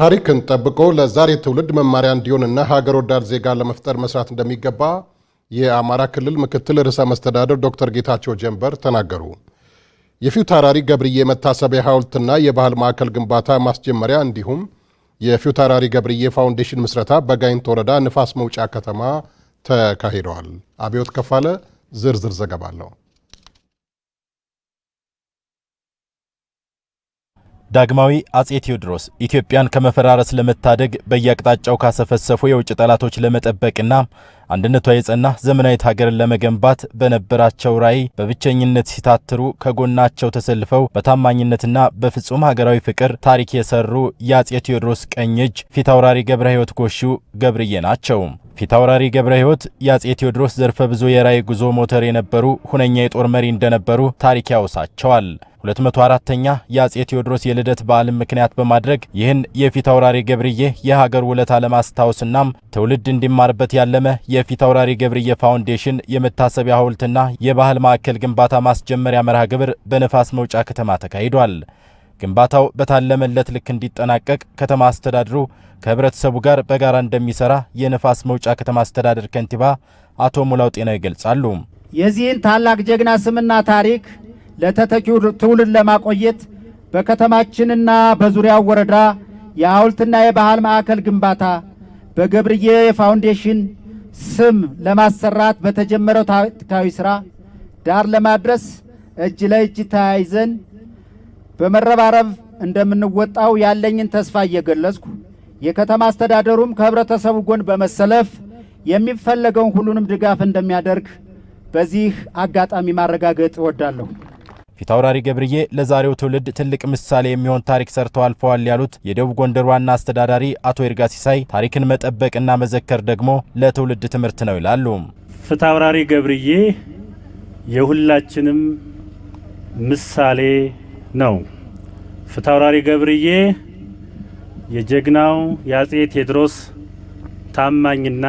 ታሪክን ጠብቆ ለዛሬ ትውልድ መማሪያ እንዲሆንና ሀገር ወዳድ ዜጋ ለመፍጠር መስራት እንደሚገባ የአማራ ክልል ምክትል ርዕሰ መስተዳደር ዶክተር ጌታቸው ጀንበር ተናገሩ። የፊታውራሪ ገብርዬ መታሰቢያ ሐውልትና የባህል ማዕከል ግንባታ ማስጀመሪያ እንዲሁም የፊታውራሪ ገብርዬ ፋውንዴሽን ምስረታ በጋይንት ወረዳ ንፋስ መውጫ ከተማ ተካሂደዋል። አብዮት ከፋለ ዝርዝር ዘገባ አለው። ዳግማዊ አጼ ቴዎድሮስ ኢትዮጵያን ከመፈራረስ ለመታደግ በየአቅጣጫው ካሰፈሰፉ የውጭ ጠላቶች ለመጠበቅና አንድነቷ የጸና ዘመናዊት ሀገርን ለመገንባት በነበራቸው ራዕይ በብቸኝነት ሲታትሩ ከጎናቸው ተሰልፈው በታማኝነትና በፍጹም ሀገራዊ ፍቅር ታሪክ የሰሩ የአጼ ቴዎድሮስ ቀኝ እጅ ፊታውራሪ ገብረ ሕይወት ጎሹ ገብርዬ ናቸው። ፊታውራሪ ገብረ ሕይወት የአጼ ቴዎድሮስ ዘርፈ ብዙ የራዕይ ጉዞ ሞተር የነበሩ ሁነኛ የጦር መሪ እንደነበሩ ታሪክ ያውሳቸዋል 204 204ኛ የአጼ ቴዎድሮስ የልደት በዓልን ምክንያት በማድረግ ይህን የፊታውራሪ ገብርዬ የሀገር ውለታ ለማስታወስናም ትውልድ እንዲማርበት ያለመ የፊት አውራሪ ገብርዬ ፋውንዴሽን የመታሰቢያ ሐውልትና የባህል ማዕከል ግንባታ ማስጀመሪያ መርሃ ግብር በንፋስ መውጫ ከተማ ተካሂዷል። ግንባታው በታለመለት ልክ እንዲጠናቀቅ ከተማ አስተዳድሩ ከህብረተሰቡ ጋር በጋራ እንደሚሰራ የንፋስ መውጫ ከተማ አስተዳደር ከንቲባ አቶ ሙላው ጤናው ይገልጻሉ። የዚህን ታላቅ ጀግና ስምና ታሪክ ለተተኪው ትውልድ ለማቆየት በከተማችንና በዙሪያው ወረዳ የሐውልትና የባህል ማዕከል ግንባታ በገብርዬ ፋውንዴሽን ስም ለማሰራት በተጀመረው ታሪካዊ ስራ ዳር ለማድረስ እጅ ለእጅ ተያይዘን በመረባረብ እንደምንወጣው ያለኝን ተስፋ እየገለጽኩ የከተማ አስተዳደሩም ከህብረተሰቡ ጎን በመሰለፍ የሚፈለገውን ሁሉንም ድጋፍ እንደሚያደርግ በዚህ አጋጣሚ ማረጋገጥ እወዳለሁ። ፊታውራሪ ገብርዬ ለዛሬው ትውልድ ትልቅ ምሳሌ የሚሆን ታሪክ ሰርተው አልፈዋል ያሉት የደቡብ ጎንደር ዋና አስተዳዳሪ አቶ ይርጋ ሲሳይ ታሪክን መጠበቅና መዘከር ደግሞ ለትውልድ ትምህርት ነው ይላሉ። ፊታውራሪ ገብርዬ የሁላችንም ምሳሌ ነው። ፊታውራሪ ገብርዬ የጀግናው የአጼ ቴዎድሮስ ታማኝና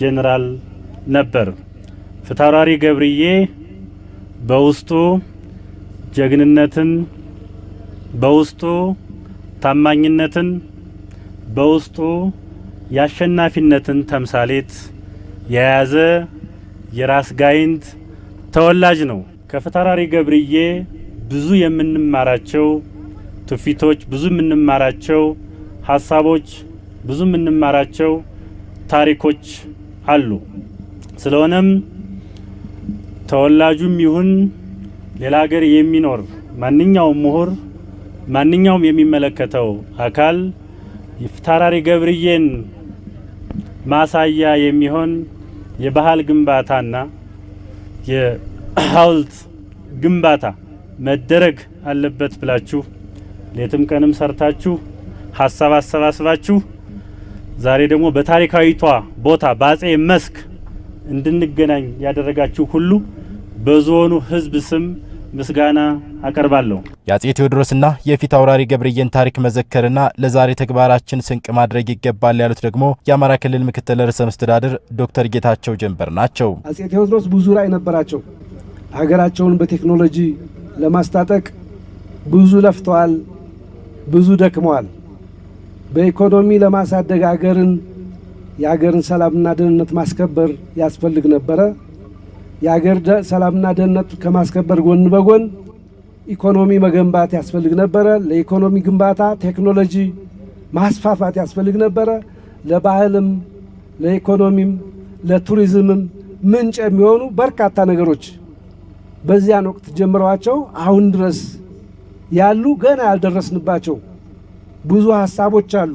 ጄኔራል ነበር። ፊታውራሪ ገብርዬ በውስጡ ጀግንነትን በውስጡ ታማኝነትን በውስጡ የአሸናፊነትን ተምሳሌት የያዘ የራስ ጋይንት ተወላጅ ነው። ከፈታራሪ ገብርዬ ብዙ የምንማራቸው ትውፊቶች፣ ብዙ የምንማራቸው ሀሳቦች፣ ብዙ የምንማራቸው ታሪኮች አሉ። ስለሆነም ተወላጁም ይሁን ሌላ ሀገር የሚኖር ማንኛውም ምሁር ማንኛውም የሚመለከተው አካል የፍታራሪ ገብርዬን ማሳያ የሚሆን የባህል ግንባታና የሀውልት ግንባታ መደረግ አለበት ብላችሁ ሌትም ቀንም ሰርታችሁ ሀሳብ አሰባስባችሁ ዛሬ ደግሞ በታሪካዊቷ ቦታ በአጼ መስክ እንድንገናኝ ያደረጋችሁ ሁሉ በዞኑ ሕዝብ ስም ምስጋና አቀርባለሁ። የአጼ ቴዎድሮስና የፊት አውራሪ ገብርዬን ታሪክ መዘከርና ለዛሬ ተግባራችን ስንቅ ማድረግ ይገባል ያሉት ደግሞ የአማራ ክልል ምክትል ርዕሰ መስተዳድር ዶክተር ጌታቸው ጀንበር ናቸው። አጼ ቴዎድሮስ ብዙ ራዕይ ነበራቸው። ሀገራቸውን በቴክኖሎጂ ለማስታጠቅ ብዙ ለፍተዋል፣ ብዙ ደክመዋል። በኢኮኖሚ ለማሳደግ አገርን የአገርን ሰላምና ደህንነት ማስከበር ያስፈልግ ነበረ። የአገር ሰላምና ደህንነት ከማስከበር ጎን በጎን ኢኮኖሚ መገንባት ያስፈልግ ነበረ። ለኢኮኖሚ ግንባታ ቴክኖሎጂ ማስፋፋት ያስፈልግ ነበረ። ለባህልም፣ ለኢኮኖሚም፣ ለቱሪዝምም ምንጭ የሚሆኑ በርካታ ነገሮች በዚያን ወቅት ጀምረዋቸው አሁን ድረስ ያሉ ገና ያልደረስንባቸው ብዙ ሀሳቦች አሉ።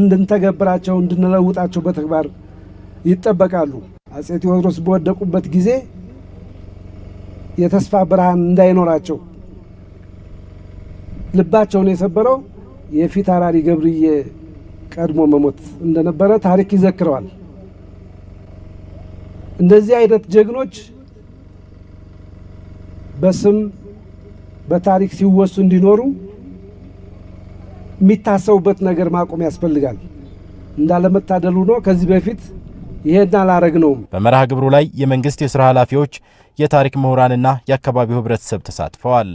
እንድንተገብራቸው እንድንለውጣቸው በተግባር ይጠበቃሉ። አጼ ቴዎድሮስ በወደቁበት ጊዜ የተስፋ ብርሃን እንዳይኖራቸው ልባቸውን የሰበረው የፊት አራሪ ገብርዬ ቀድሞ መሞት እንደነበረ ታሪክ ይዘክረዋል። እንደዚህ አይነት ጀግኖች በስም በታሪክ ሲወሱ እንዲኖሩ የሚታሰቡበት ነገር ማቆም ያስፈልጋል። እንዳለመታደሉ ነው ከዚህ በፊት ይሄን አላረግ ነው። በመርሃ ግብሩ ላይ የመንግስት የስራ ኃላፊዎች፣ የታሪክ ምሁራንና የአካባቢው ህብረተሰብ ተሳትፈዋል።